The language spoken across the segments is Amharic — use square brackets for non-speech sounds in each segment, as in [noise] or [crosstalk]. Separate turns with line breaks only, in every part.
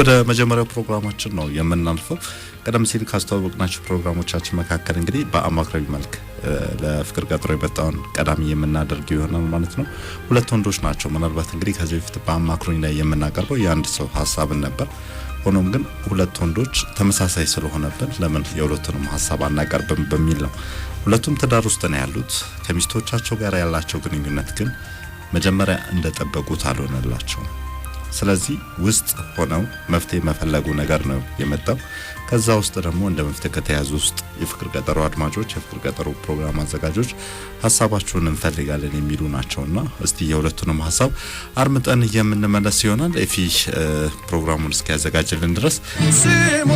ወደ መጀመሪያው ፕሮግራማችን ነው የምናልፈው። ቀደም ሲል ካስተዋወቅናቸው ፕሮግራሞቻችን መካከል እንግዲህ በአማክራዊ መልክ ለፍቅር ቀጥሮ የመጣውን ቀዳሚ የምናደርገው ይሆናል ማለት ነው። ሁለት ወንዶች ናቸው። ምናልባት እንግዲህ ከዚህ በፊት በአማክሮኝ ላይ የምናቀርበው የአንድ ሰው ሀሳብን ነበር። ሆኖም ግን ሁለት ወንዶች ተመሳሳይ ስለሆነብን ለምን የሁለቱንም ሀሳብ አናቀርብም በሚል ነው። ሁለቱም ትዳር ውስጥ ነው ያሉት። ከሚስቶቻቸው ጋር ያላቸው ግንኙነት ግን መጀመሪያ እንደጠበቁት አልሆነላቸውም። ስለዚህ ውስጥ ሆነው መፍትሄ መፈለጉ ነገር ነው የመጣው። ከዛ ውስጥ ደግሞ እንደ መፍትሄ ከተያዙ ውስጥ የፍቅር ቀጠሮ አድማጮች፣ የፍቅር ቀጠሮ ፕሮግራም አዘጋጆች ሀሳባችሁን እንፈልጋለን የሚሉ ናቸውና እስቲ የሁለቱንም ሀሳብ አድምጠን የምንመለስ ይሆናል። ኤፊ ፕሮግራሙን እስኪያዘጋጅልን ድረስ
እንዴት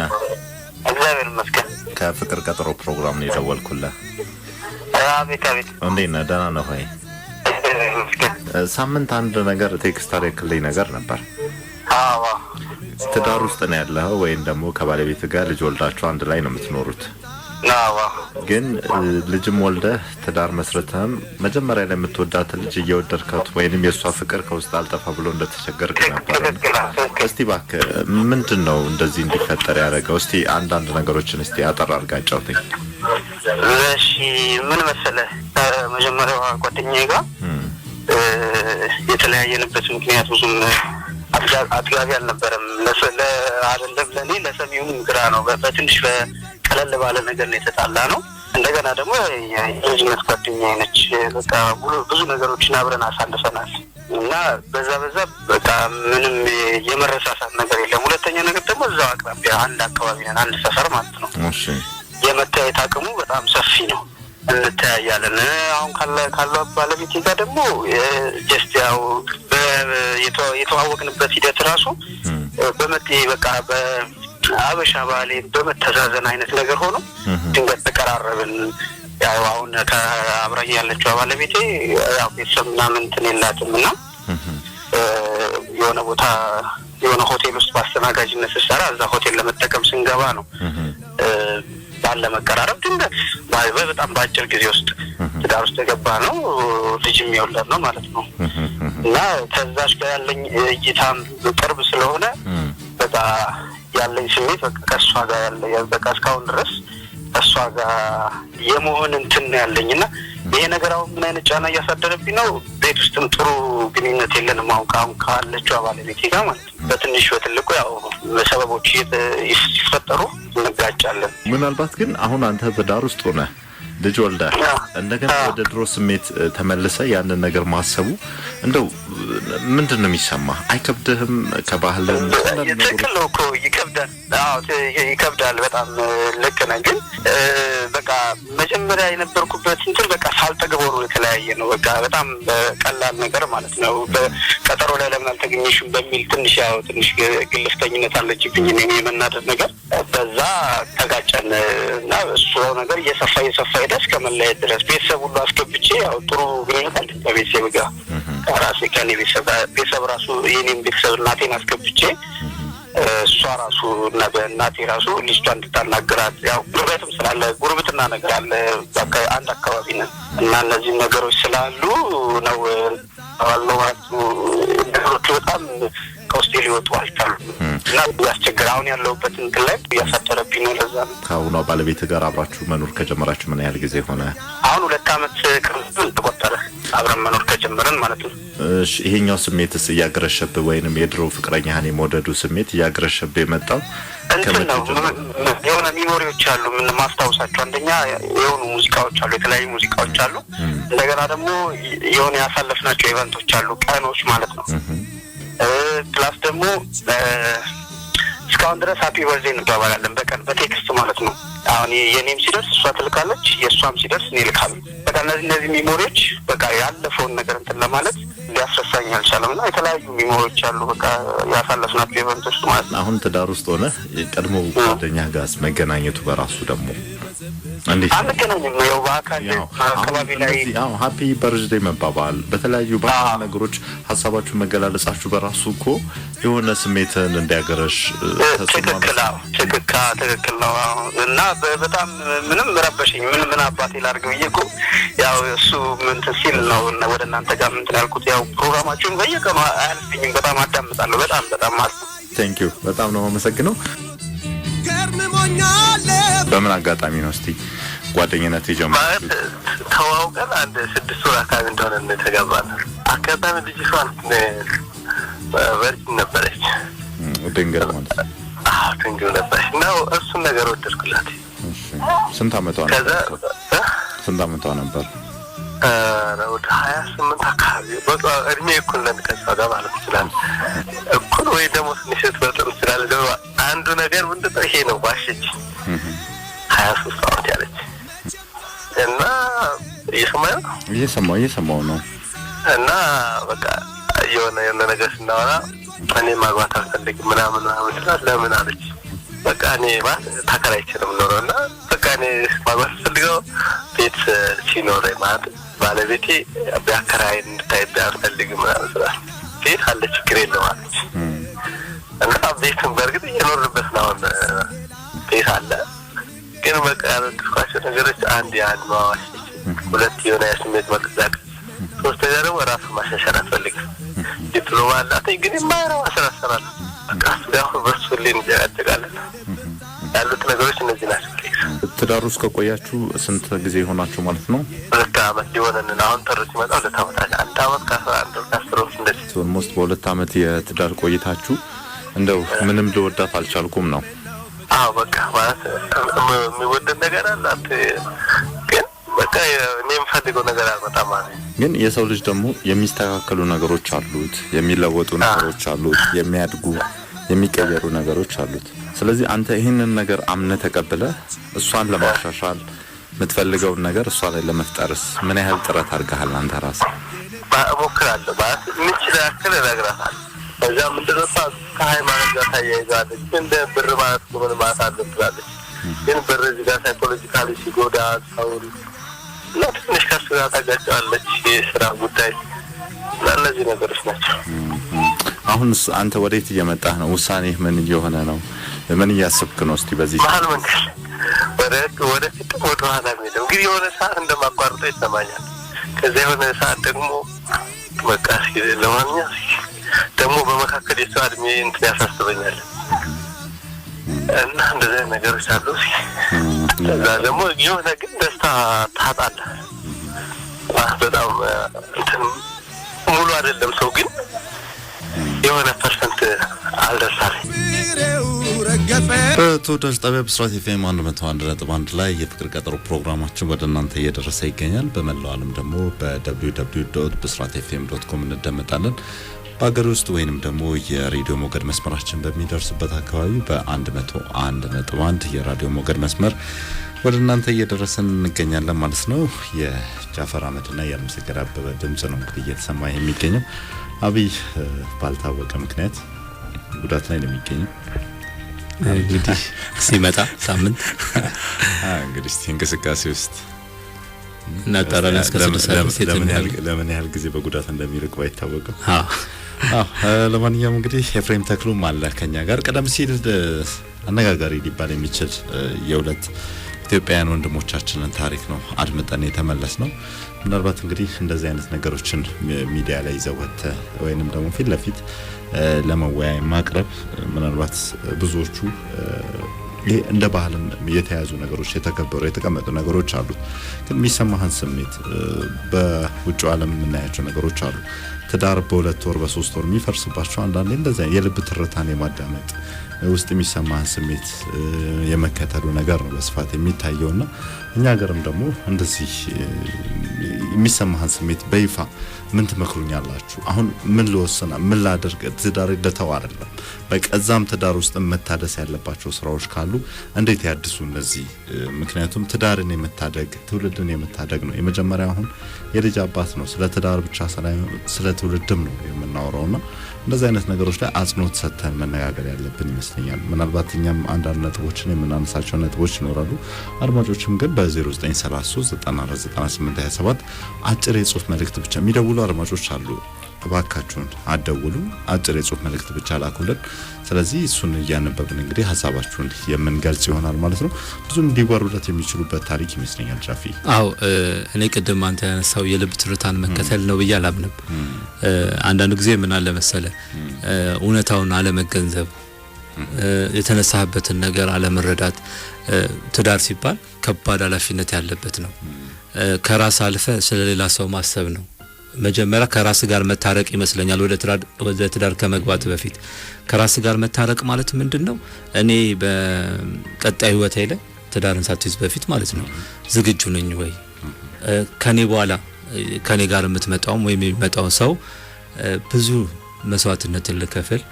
ነህ? እግዚአብሔር ይመስገን። ከፍቅር ቀጠሮ ፕሮግራም ነው የደወልኩልህ። አቤት አቤት። እንዴት ነህ? ደህና ነህ ወይ? ሳምንት አንድ ነገር ቴክስት አደረክልኝ ነገር ነበር። ትዳር ውስጥ ነው ያለኸው ወይም ደግሞ ከባለቤት ጋር ልጅ ወልዳችሁ አንድ ላይ ነው የምትኖሩት። ግን ልጅም ወልደህ ትዳር መስርተህም መጀመሪያ ላይ የምትወዳትን ልጅ እየወደድካት ወይንም የእሷ ፍቅር ከውስጥ አልጠፋ ብሎ እንደተቸገርክ ነበር። እስቲ እባክህ ምንድን ነው እንደዚህ እንዲፈጠር ያደረገው? እስቲ አንዳንድ ነገሮችን እስቲ አጠር አድርጋ አጫውተኝ።
እሺ ምን መሰለህ መጀመሪያ ጓደኛዬ ጋር የተለያየንበት ምክንያት ብዙም አጥጋቢ አልነበረም። አይደለም ለኔ ለሰሚውም ግራ ነው። በትንሽ ቀለል ባለ ነገር ነው የተጣላ ነው። እንደገና ደግሞ የልጅነት ጓደኛ አይነች። በቃ ብዙ ነገሮችን አብረን አሳልፈናል እና በዛ በዛ በቃ ምንም የመረሳሳት ነገር የለም። ሁለተኛ ነገር ደግሞ እዛው አቅራቢያ አንድ አካባቢ ነን፣ አንድ ሰፈር ማለት ነው። የመታየት አቅሙ በጣም ሰፊ ነው። እንተያያለን። አሁን ካለ ባለቤቴ ጋር ደግሞ ጀስት ያው የተዋወቅንበት ሂደት ራሱ በመት በቃ በአበሻ ባህሌ በመተዛዘን አይነት ነገር ሆኖ ድንገት ተቀራረብን። ያው አሁን ከአብራኝ ያለችው ባለቤቴ ያው ቤተሰብ ምናምን እንትን የላትም እና የሆነ ቦታ የሆነ ሆቴል ውስጥ በአስተናጋጅነት ስሰራ እዛ ሆቴል ለመጠቀም ስንገባ ነው ቃል ለመቀራረብ ድንገት ባይበ በጣም በአጭር ጊዜ ውስጥ ትዳር ውስጥ የገባ ነው፣ ልጅ የሚወለድ ነው ማለት ነው። እና ከዛች ጋር ያለኝ እይታም ቅርብ ስለሆነ በቃ ያለኝ ስሜት በቃ ከእሷ ጋር ያለ በቃ እስካሁን ድረስ እሷ ጋር የመሆን እንትን ያለኝ እና ይሄ ነገር አሁን ምን አይነት ጫና እያሳደረብኝ ነው? ቤት ውስጥም ጥሩ ግንኙነት የለንም አሁን ከአሁን ካለችው ባለቤቴ ጋር ማለት ነው። በትንሽ በትልቁ ያው ሰበቦች ሲፈጠሩ እንጋጫለን።
ምናልባት ግን አሁን አንተ ትዳር ውስጥ ሆነ ልጅ ወልዳ እንደገና ወደ ድሮ ስሜት ተመልሰ ያንን ነገር ማሰቡ እንደው ምንድን ነው የሚሰማ? አይከብድህም? ከባህልም
ትክክል ነው እኮ ይከብዳል። ይከብዳል በጣም ልክ ነህ። ግን በቃ መጀመሪያ የነበርኩበት እንትን በቃ ሳልጠገበሩ የተለያየ ነው። በቃ በጣም በቀላል ነገር ማለት ነው። በቀጠሮ ላይ ለምን አልተገኘሽም በሚል ትንሽ ያው ትንሽ ግልፍተኝነት አለችብኝ የመናደድ ነገር በዛ ተጋጨን እና እሱ ነገር እየሰፋ እየሰፋ ሄደ እስከ ድረስ ቤተሰብ ሁሉ አስገብቼ ያው ጥሩ ግንኙነት አለ ከቤተሰብ ጋር ከራሴ ከኔ ቤተሰብ ቤተሰብ ራሱ የኔም ቤተሰብ እናቴን አስገብቼ እሷ ራሱ እናቴ ራሱ ልጅቷ እንድታናግራት ያው ጉርበትም ስላለ ጉርብትና ነገር አለ። አንድ አካባቢ ነን እና እነዚህ ነገሮች ስላሉ ነው ባለው ማለት ነገሮች በጣም ከውስጤ ሊወጡ አልቻሉም እና ያስቸግር አሁን ያለሁበት እንትን ላይ እያሳደረብኝ ነው። ለዛ ነው
ከአሁኗ ባለቤት ጋር አብራችሁ መኖር ከጀመራችሁ ምን ያህል ጊዜ ሆነ?
አሁን ሁለት አመት ከምናምን ተቆጠረ አብረን መኖር ከጀመረን ማለት ነው።
ይሄኛው ስሜትስ እያገረሸብህ ወይንም የድሮ ፍቅረኛህን የመውደዱ ስሜት እያገረሸብህ የመጣው እንትን ነው።
የሆነ ሚሞሪዎች አሉ፣ ምን ማስታወሳቸው አንደኛ የሆኑ ሙዚቃዎች አሉ፣ የተለያዩ ሙዚቃዎች አሉ። እንደገና ደግሞ የሆነ ያሳለፍናቸው ኢቨንቶች አሉ፣ ቀኖች ማለት ነው ፕላስ ደግሞ እስካሁን ድረስ ሀፒ በርዜ እንባባላለን በቀን በቴክስት ማለት ነው። አሁን ሲደርስ እሷ ትልካለች፣ የእሷም ሲደርስ እኔ እልካለሁ። በቃ እነዚህ እነዚህ ሚሞሪዎች በቃ ያለፈውን ነገር እንትን ለማለት ሊያስረሳኝ አልቻለም እና የተለያዩ ሚሞሪዎች አሉ በቃ
ያሳለፍናቸው ኢቨንቶች ማለት ነው። አሁን ትዳር ውስጥ ሆነ የቀድሞ ጓደኛ ጋር መገናኘቱ በራሱ ደግሞ አንገናኝም። ሀፒ በርዝዴ መባባል በተለያዩ ነገሮች ሀሳባችሁን መገላለጻችሁ በራሱ እኮ የሆነ ስሜትን እንዲያገረሽ ትክክል
ትክክል ነው። እና
በጣም ምንም ረበሽኝ። ምን ምን አባቴ ላድርግ ብዬ እኮ ያው እሱ ሲል ነው ወደ እናንተ ጋር ያልኩት። ያው ፕሮግራማችሁን በየቀኑ አያልፍኝም። በጣም አዳምጣለሁ። በጣም
በጣም በጣም ነው የማመሰግነው። በምን አጋጣሚ ነው እስቲ ጓደኝነት የጀመረው? ተዋውቀን አንድ ስድስት ወር አካባቢ እንደሆነ የተጋባን። አጋጣሚ
ልጅቷን ቨርጅን ነበረች፣
ድንግል ማለት ድንግል ነበረች እና እሱን ነገር ወደድኩላት። ስንት አመቷ ነበር? ስንት አመቷ ነበር?
ወደ ሀያ ስምንት አካባቢ እድሜ እኩል ነን ከእሷ ጋር ማለት ይችላል። እኩል ወይ ደግሞ ትንሽ በጥሩ ይችላል ደግሞ አንዱ ነገር ምንድን ነው ይሄ ነው ዋሸች።
ሀያ ሶስት አመት ያለች እና እየሰማሁ ነው እየሰማሁ እየሰማሁ ነው
እና በቃ የሆነ የሆነ ነገር ስናወራ እኔ ማግባት አልፈልግም ምናምን ምናምን ስላት ለምን አለች። በቃ እኔ ማለት ተከራይቼ ነው የምኖረው እና በቃ እኔ ማግባት ፈልገው ቤት ሲኖረኝ ማለት ባለቤቴ ቢያከራይ እንድታይ ቢያልፈልግ ምናምን ስላት ቤት አለ ችግር የለም አለች። እና ቤቱን በእርግጥ እየኖርንበት ነው። አሁን ቤት አለ፣ ግን በቃ ያለድስኳቸው ነገሮች አንድ የአንድ ማዋሽ፣ ሁለት የሆነ የስሜት መቅዛቅ፣ ሶስተኛ ደግሞ ራሱ ማሻሻል አልፈልግም። ዲፕሎማ አላት ግን የማይረባ ስራ ሰራለሁ። በቃ አሁን በሱ ሁሌ እንጨቃጨቃለን። ያሉት ነገሮች እነዚህ ናቸው።
ትዳሩ ውስጥ ከቆያችሁ ስንት ጊዜ የሆናችሁ ማለት ነው? ሁለት አመት ሊሆነን አሁን ጥር ሲመጣ ሁለት አመት አንድ አመት ከአስራ አንድ ከአስር እንደዚህ ኦልሞስት በሁለት አመት የትዳር ቆይታችሁ እንደው ምንም ልወዳት አልቻልኩም ነው።
አዎ በቃ ማለት
የሚወደድ ነገር አላት ግን በቃ እኔ የምፈልገው ነገር አልመጣም። ግን የሰው ልጅ ደግሞ የሚስተካከሉ ነገሮች አሉት፣ የሚለወጡ ነገሮች አሉት፣ የሚያድጉ የሚቀየሩ ነገሮች አሉት። ስለዚህ አንተ ይህንን ነገር አምነህ ተቀብለህ እሷን ለማሻሻል የምትፈልገውን ነገር እሷ ላይ ለመፍጠርስ ምን ያህል ጥረት አድርገሃል አንተ ራስህ? እሞክራለሁ ማለት የምችለው ያክል እነግራታለሁ ከዛ ምንድነው
ከሃይማኖት ጋር ታያይዛለች። እንደ ብር ማለት ምን ማለት አለ ትላለች። ግን ብር እዚህ ጋር ሳይኮሎጂካሊ ሲጎዳ ሰውን እና ትንሽ ከሱ ጋር ታጋጫዋለች። የስራ ጉዳይ እና እነዚህ ነገሮች ናቸው።
አሁን አንተ ወዴት እየመጣህ ነው? ውሳኔህ ምን እየሆነ ነው? ምን እያስብክ ነው? እስቲ በዚህ ባህል መንገድ
ወደ ወደ ፊት ወደ ኋላ ሄደው እንግዲህ የሆነ ሰዓት እንደማቋርጠው ይሰማኛል። ከዚያ የሆነ ሰዓት ደግሞ በቃ ለማንኛውም ደግሞ በመካከል የሰው እድሜ እንትን ያሳስበኛል እና እንደዚህ ነገሮች አሉ። እዛ ደግሞ የሆነ ግን ደስታ ታጣለ። በጣም እንትን ሙሉ አይደለም ሰው ግን የሆነ ፐርሰንት አልደርሳል።
በተወዳጅ ጣቢያ ብስራት ኤፍኤም አንድ መቶ አንድ ነጥብ አንድ ላይ የፍቅር ቀጠሮ ፕሮግራማችን ወደ እናንተ እየደረሰ ይገኛል። በመላው ዓለም ደግሞ ደብሊው ዶት ብስራት ኤፍኤም ዶት ኮም እንደመጣለን። በሀገር ውስጥ ወይንም ደግሞ የሬዲዮ ሞገድ መስመራችን በሚደርስበት አካባቢ በ101 ነጥብ 1 የራዲዮ ሞገድ መስመር ወደ እናንተ እየደረሰን እንገኛለን ማለት ነው። የጃፈር አህመድና የአምሰገድ አበበ ድምፅ ነው እንግዲህ እየተሰማ የሚገኘው። አብይ ባልታወቀ ምክንያት ጉዳት ላይ ነው የሚገኘው። እንግዲህ ሲመጣ ሳምንት [laughs] እንግዲህ እስቲ እንቅስቃሴ ውስጥ እናጣራለን። እስከ ለምን ያህል ጊዜ በጉዳት እንደሚርቅ ባይታወቅም ለማንኛውም እንግዲህ ኤፍሬም ተክሉም አለ ከኛ ጋር። ቀደም ሲል አነጋጋሪ ሊባል የሚችል የሁለት ኢትዮጵያውያን ወንድሞቻችንን ታሪክ ነው አድምጠን የተመለስ ነው። ምናልባት እንግዲህ እንደዚህ አይነት ነገሮችን ሚዲያ ላይ ይዘወተ ወይንም ደግሞ ፊት ለፊት ለመወያይ ማቅረብ ምናልባት ብዙዎቹ ይህ እንደ ባህልም የተያዙ ነገሮች የተከበሩ የተቀመጡ ነገሮች አሉት። ግን የሚሰማህን ስሜት በውጭ ዓለም የምናያቸው ነገሮች አሉ። ትዳር በሁለት ወር በሶስት ወር የሚፈርስባቸው አንዳንዴ እንደዚያ የልብ ትርታን የማዳመጥ ውስጥ የሚሰማን ስሜት የመከተሉ ነገር ነው በስፋት የሚታየው እና እኛ ሀገርም ደግሞ እንደዚህ የሚሰማህን ስሜት በይፋ ምን ትመክሩኛላችሁ? አሁን ምን ልወስና፣ ምን ላደርግ? ትዳር ደተው አይደለም፣ በቀዛም ትዳር ውስጥ መታደስ ያለባቸው ስራዎች ካሉ እንዴት ያድሱ እነዚህ? ምክንያቱም ትዳርን የመታደግ ትውልድን የመታደግ ነው የመጀመሪያ። አሁን የልጅ አባት ነው፣ ስለ ትዳር ብቻ ስለ ትውልድም ነው የምናወራውና እንደዚህ አይነት ነገሮች ላይ አጽንኦት ሰጥተን መነጋገር ያለብን ይመስለኛል። ምናልባት እኛም አንዳንድ ነጥቦችን የምናነሳቸው ነጥቦች ይኖራሉ። አድማጮችም ግን በ0933 9498 27 አጭር የጽሁፍ መልእክት ብቻ የሚደውሉ አድማጮች አሉ። እባካችሁን አደውሉ፣ አጭር የጽሁፍ መልእክት ብቻ ላኩልን። ስለዚህ እሱን እያነበብን እንግዲህ ሀሳባችሁን የምንገልጽ ይሆናል ማለት ነው። ብዙም ሊወሩለት የሚችሉበት ታሪክ ይመስለኛል። ጃፊ
አዎ፣ እኔ ቅድም አንተ ያነሳው የልብ ትርታን መከተል ነው ብዬ አላምንም። አንዳንድ ጊዜ ምን አለ መሰለ እውነታውን አለመገንዘብ የተነሳህበትን ነገር አለመረዳት። ትዳር ሲባል ከባድ ኃላፊነት ያለበት ነው። ከራስ አልፈ ስለሌላ ሰው ማሰብ ነው። መጀመሪያ ከራስ ጋር መታረቅ ይመስለኛል። ወደ ትዳር ከመግባት በፊት ከራስ ጋር መታረቅ ማለት ምንድን ነው? እኔ በቀጣይ ህይወቴ ላይ ትዳርን ሳትይዝ በፊት ማለት ነው ዝግጁ ነኝ ወይ? ከኔ በኋላ ከኔ ጋር የምትመጣውም ወይም የሚመጣው ሰው ብዙ መስዋዕትነትን ልከፍል፣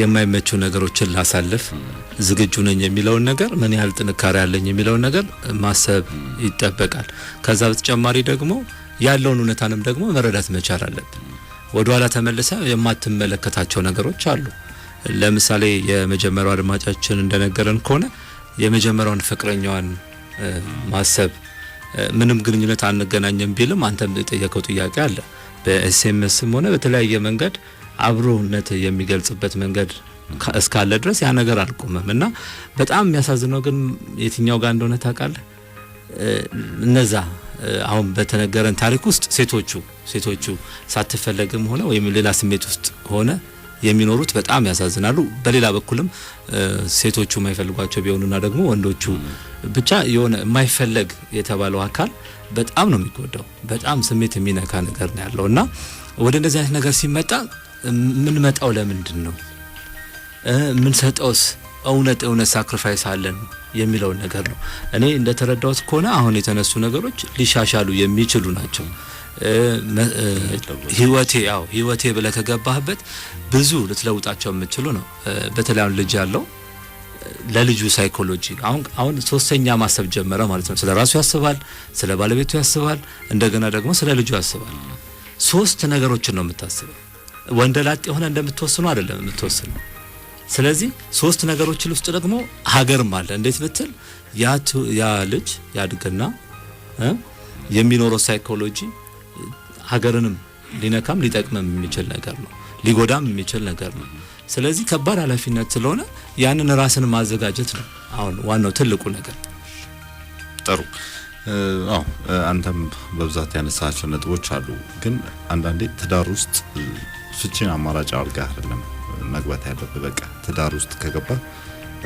የማይመቹ ነገሮችን ላሳልፍ ዝግጁ ነኝ የሚለውን ነገር ምን ያህል ጥንካሬ አለኝ የሚለውን ነገር ማሰብ ይጠበቃል። ከዛ በተጨማሪ ደግሞ ያለውን እውነታንም ደግሞ መረዳት መቻል አለብን። ወደኋላ ተመልሰ የማትመለከታቸው ነገሮች አሉ። ለምሳሌ የመጀመሪያው አድማጫችን እንደነገረን ከሆነ የመጀመሪያውን ፍቅረኛዋን ማሰብ ምንም ግንኙነት አንገናኝም ቢልም አንተም የጠየቀው ጥያቄ አለ። በኤስኤምኤስም ሆነ በተለያየ መንገድ አብሮነት የሚገልጽበት መንገድ እስካለ ድረስ ያ ነገር አልቆመም እና በጣም የሚያሳዝነው ግን የትኛው ጋር እንደሆነ ታውቃለህ እነዛ አሁን በተነገረን ታሪክ ውስጥ ሴቶቹ ሴቶቹ ሳትፈለግም ሆነ ወይም ሌላ ስሜት ውስጥ ሆነ የሚኖሩት በጣም ያሳዝናሉ። በሌላ በኩልም ሴቶቹ የማይፈልጓቸው ቢሆኑና ደግሞ ወንዶቹ ብቻ የሆነ የማይፈለግ የተባለው አካል በጣም ነው የሚጎዳው። በጣም ስሜት የሚነካ ነገር ነው ያለው እና ወደ እንደዚህ አይነት ነገር ሲመጣ የምንመጣው ለምንድን ነው? የምንሰጠውስ እውነት እውነት ሳክሪፋይስ አለን የሚለውን ነገር ነው። እኔ እንደተረዳሁት ከሆነ አሁን የተነሱ ነገሮች ሊሻሻሉ የሚችሉ ናቸው። ህይወቴ ያው ህይወቴ ብለህ ከገባህበት ብዙ ልትለውጣቸው የምችሉ ነው። በተለይ አሁን ልጅ ያለው ለልጁ ሳይኮሎጂ አሁን አሁን ሶስተኛ ማሰብ ጀመረ ማለት ነው። ስለ ራሱ ያስባል፣ ስለ ባለቤቱ ያስባል፣ እንደገና ደግሞ ስለ ልጁ ያስባል። ሶስት ነገሮችን ነው የምታስበው። ወንደላጤ የሆነ እንደምትወስኑ አይደለም የምትወስነው ስለዚህ ሶስት ነገሮችን ውስጥ ደግሞ ሀገርም አለ። እንዴት ብትል ያ ልጅ ያድግና የሚኖረው ሳይኮሎጂ ሀገርንም ሊነካም ሊጠቅምም የሚችል ነገር ነው፣ ሊጎዳም የሚችል ነገር ነው። ስለዚህ ከባድ ኃላፊነት ስለሆነ ያንን ራስን ማዘጋጀት ነው አሁን ዋናው ትልቁ ነገር።
ጥሩ አዎ፣ አንተም በብዛት ያነሳቸው ነጥቦች አሉ። ግን አንዳንዴ ትዳር ውስጥ ፍቺን አማራጭ አድርገህ አይደለም መግባት ያለብህ። በቃ ትዳር ውስጥ ከገባ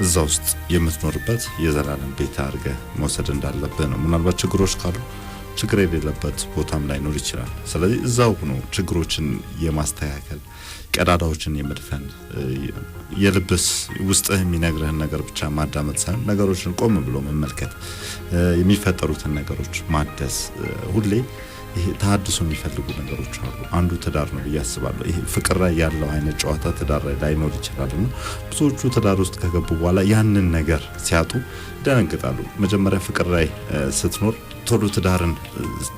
እዛ ውስጥ የምትኖርበት የዘላለም ቤት አድርገ መውሰድ እንዳለብህ ነው። ምናልባት ችግሮች ካሉ ችግር የሌለበት ቦታም ላይኖር ይችላል። ስለዚህ እዛው ነው ችግሮችን የማስተካከል ቀዳዳዎችን የመድፈን የልብስ ውስጥህ የሚነግርህን ነገር ብቻ ማዳመጥ ሳይሆን ነገሮችን ቆም ብሎ መመልከት፣ የሚፈጠሩትን ነገሮች ማደስ ሁሌ ይሄ ተሃድሶ የሚፈልጉ ነገሮች አሉ። አንዱ ትዳር ነው ብዬ አስባለሁ። ይሄ ፍቅር ላይ ያለው አይነት ጨዋታ ትዳር ላይ ላይኖር ይችላል እና ብዙዎቹ ትዳር ውስጥ ከገቡ በኋላ ያንን ነገር ሲያጡ ይደነግጣሉ። መጀመሪያ ፍቅር ላይ ስትኖር ቶሎ ትዳርን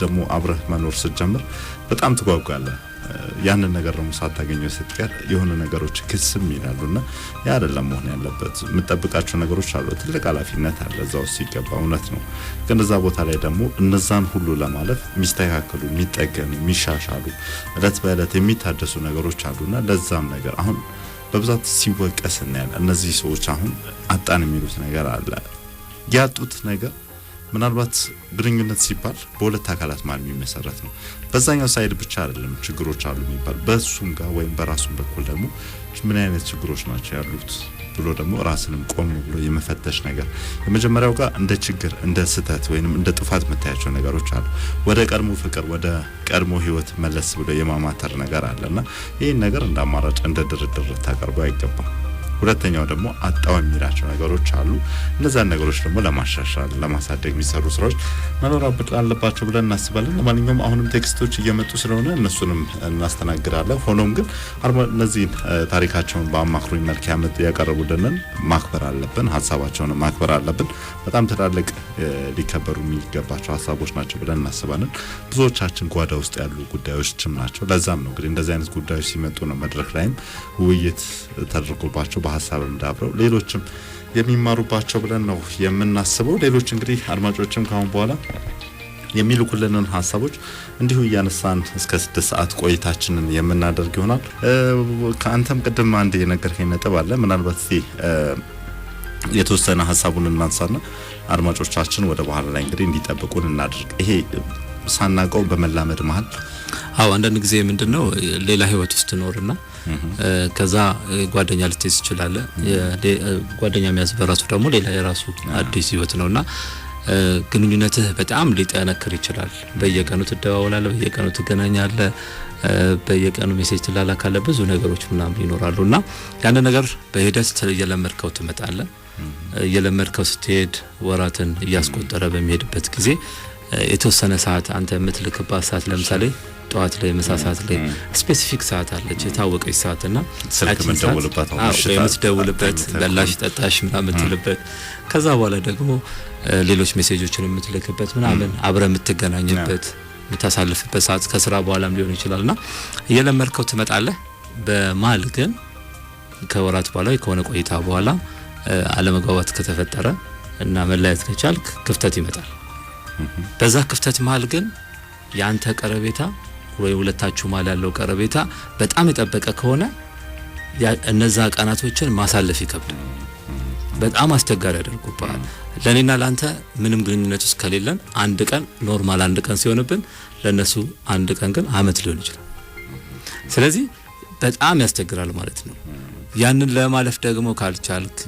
ደግሞ አብረህ መኖር ስትጀምር በጣም ትጓጓለህ። ያንን ነገር ደግሞ ሳታገኘው ስትቀር የሆነ ነገሮች ክስም ይላሉና ያ አይደለም መሆን ያለበት። የምጠብቃቸው ነገሮች አሉ፣ ትልቅ ኃላፊነት አለ እዛ ውስጥ ሲገባ እውነት ነው። ግን እዛ ቦታ ላይ ደግሞ እነዛን ሁሉ ለማለፍ የሚስተካከሉ፣ የሚጠገኑ፣ የሚሻሻሉ እለት በእለት የሚታደሱ ነገሮች አሉና ለዛም ነገር አሁን በብዛት ሲወቀስ እናያለን። እነዚህ ሰዎች አሁን አጣን የሚሉት ነገር አለ ያጡት ነገር ምናልባት ግንኙነት ሲባል በሁለት አካላት መሀል የሚመሰረት ነው። በዛኛው ሳይድ ብቻ አይደለም ችግሮች አሉ የሚባል በሱም ጋር ወይም በራሱም በኩል ደግሞ ምን አይነት ችግሮች ናቸው ያሉት ብሎ ደግሞ ራስንም ቆም ብሎ የመፈተሽ ነገር የመጀመሪያው ጋር እንደ ችግር እንደ ስህተት ወይም እንደ ጥፋት የምታያቸው ነገሮች አሉ። ወደ ቀድሞ ፍቅር፣ ወደ ቀድሞ ህይወት መለስ ብሎ የማማተር ነገር አለና ይህን ነገር እንደ አማራጭ እንደ ድርድር ልታቀርበው አይገባም። ሁለተኛው ደግሞ አጣው የሚላቸው ነገሮች አሉ። እነዛን ነገሮች ደግሞ ለማሻሻል ለማሳደግ የሚሰሩ ስራዎች መኖር አለባቸው ብለን እናስባለን። ለማንኛውም አሁንም ቴክስቶች እየመጡ ስለሆነ እነሱንም እናስተናግዳለን። ሆኖም ግን እነዚህ ታሪካቸውን በአማክሮኝ መልክ ያቀረቡልንን ማክበር አለብን፣ ሀሳባቸውን ማክበር አለብን። በጣም ትላልቅ ሊከበሩ የሚገባቸው ሀሳቦች ናቸው ብለን እናስባለን። ብዙዎቻችን ጓዳ ውስጥ ያሉ ጉዳዮችም ናቸው። ለዛም ነው እንግዲህ እንደዚህ አይነት ጉዳዮች ሲመጡ ነው መድረክ ላይም ውይይት ተደርጎባቸው በሀሳብም እንዳብረው ሌሎችም የሚማሩባቸው ብለን ነው የምናስበው። ሌሎች እንግዲህ አድማጮችም ካሁን በኋላ የሚልኩልንን ሀሳቦች እንዲሁ እያነሳን እስከ ስድስት ሰዓት ቆይታችንን የምናደርግ ይሆናል። ከአንተም ቅድም አንድ የነገርከኝ ነጥብ አለ። ምናልባት የተወሰነ ሀሳቡን እናንሳና አድማጮቻችን ወደ በኋላ ላይ እንግዲህ እንዲጠብቁን እናደርግ። ይሄ ሳናቀው በመላመድ መሀል
አዎ አንዳንድ ጊዜ ምንድን ነው ሌላ ህይወት ውስጥ ኖርና ከዛ ጓደኛ ልትይዝ ይችላለ። ጓደኛ የሚያዝ በራሱ ደግሞ ሌላ የራሱ አዲስ ህይወት ነውና ግንኙነትህ በጣም ሊጠነክር ይችላል። በየቀኑ ትደዋወላለህ፣ በየቀኑ ትገናኛለ፣ በየቀኑ ሜሴጅ ትላላካለህ። ብዙ ነገሮች ምናምን ይኖራሉ እና ያን ነገር በሂደት እየለመድከው ትመጣለ። እየለመድከው ስትሄድ ወራትን እያስቆጠረ በሚሄድበት ጊዜ የተወሰነ ሰዓት አንተ የምትልክባት ሰዓት ለምሳሌ ጠዋት ላይ ምሳ ሰዓት ላይ ስፔሲፊክ ሰዓት አለች የታወቀች ሰዓት እና የምትደውልበት በላሽ ጠጣሽ ምና የምትልበት ከዛ በኋላ ደግሞ ሌሎች ሜሴጆችን የምትልክበት ምናምን አብረ የምትገናኝበት የምታሳልፍበት ሰዓት ከስራ በኋላም ሊሆን ይችላል ና እየለመድከው ትመጣለህ። በማል ግን ከወራት በኋላ ከሆነ ቆይታ በኋላ አለመግባባት ከተፈጠረ እና መለያየት ከቻልክ ክፍተት ይመጣል። በዛ ክፍተት መሀል ግን የአንተ ቀረቤታ ወይ ሁለታችሁ ማል ያለው ቀረቤታ በጣም የጠበቀ ከሆነ እነዛ ቀናቶችን ማሳለፍ ይከብዳል። በጣም አስቸጋሪ ያደርጉብሃል። ለእኔና ለአንተ ምንም ግንኙነት ውስጥ ከሌለን አንድ ቀን ኖርማል አንድ ቀን ሲሆንብን፣ ለእነሱ አንድ ቀን ግን አመት ሊሆን ይችላል። ስለዚህ በጣም ያስቸግራል ማለት ነው። ያንን ለማለፍ ደግሞ ካልቻልክ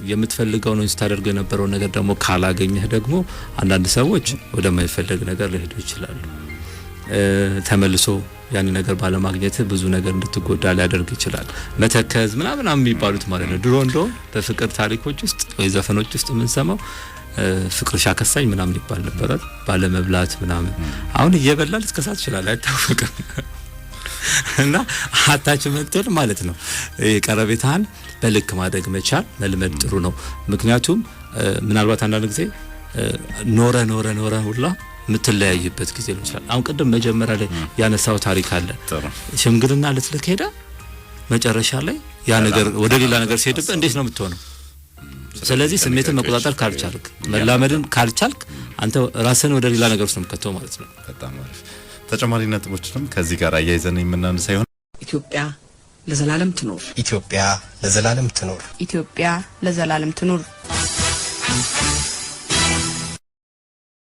ነው ስታደርገው የነበረውን ነገር ደግሞ ካላገኘህ ደግሞ አንዳንድ ሰዎች ወደማይፈለግ ነገር ሊሄዱ ይችላሉ ተመልሶ ያን ነገር ባለማግኘት ብዙ ነገር እንድትጎዳ ሊያደርግ ይችላል። መተከዝ ምናምን የሚባሉት ማለት ነው። ድሮ እንደውም በፍቅር ታሪኮች ውስጥ ወይ ዘፈኖች ውስጥ የምንሰማው ፍቅር ሻከሳኝ ምናምን ይባል ነበረ። ባለመብላት ምናምን። አሁን እየበላ ልትከሳ ትችላል፣ አይታወቅም። [laughs] እና አታችመንትል ማለት ነው። ቀረቤታህን በልክ ማድረግ መቻል መልመድ ጥሩ ነው። ምክንያቱም ምናልባት አንዳንድ ጊዜ ኖረ ኖረ ኖረ ሁላ የምትለያይበት ጊዜ ሊሆን ይችላል። አሁን ቅድም መጀመሪያ ላይ ያነሳው ታሪክ አለ። ሽምግልና ልትልክ ሄደ፣ መጨረሻ ላይ ያ ነገር ወደ ሌላ ነገር ሲሄድብህ እንዴት ነው የምትሆነው? ስለዚህ ስሜትን መቆጣጠር ካልቻልክ፣ መላመድን ካልቻልክ አንተ ራስን ወደ ሌላ ነገር ውስጥ ነው ማለት ነው። በጣም አሪፍ ተጨማሪ ነጥቦችንም
ከዚህ ጋር አያይዘን የምናነሳ ይሆን።
ኢትዮጵያ ለዘላለም ትኖር!
ኢትዮጵያ ለዘላለም ትኖር!
ኢትዮጵያ ለዘላለም ትኖር!